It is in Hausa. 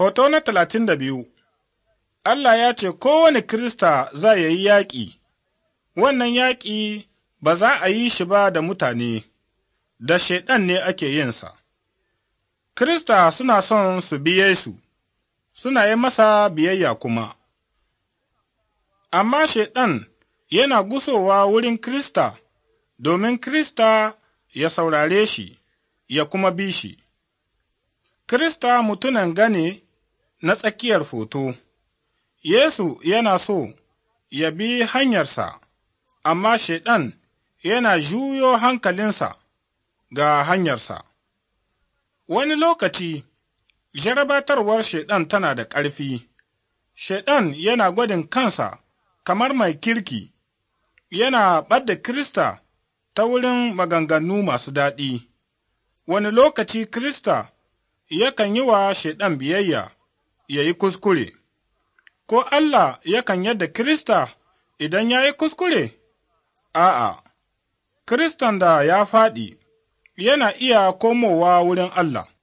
Hoto na talatin da biyu Allah ya ce kowane Kirista za ya yi yaƙi, wannan yaƙi ba za a yi shi ba da mutane, da Shaiɗan ne ake yinsa. Kirista suna son su biye su, suna yi masa biyayya kuma. Amma Shaiɗan yana gusowa wurin Kirista domin Kirista ya saurare shi, ya kuma bi shi. Kirista mutunan gane na tsakiyar foto, Yesu yana so ya bi hanyarsa, amma Shaiɗan yana juyo hankalinsa ga hanyarsa. Wani lokaci, jarabatarwar Shaiɗan tana da ƙarfi, Shaiɗan yana gwadin kansa kamar mai kirki, yana ɓadda Kirista ta wurin maganganu masu daɗi. Wani lokaci Kirista yakan yi wa Shaiɗan biyayya. ya yi kuskure, ko Allah yakan yadda Kirista idan ya yi kuskure? A'a, Kiristan da ya faɗi yana iya komowa wurin Allah.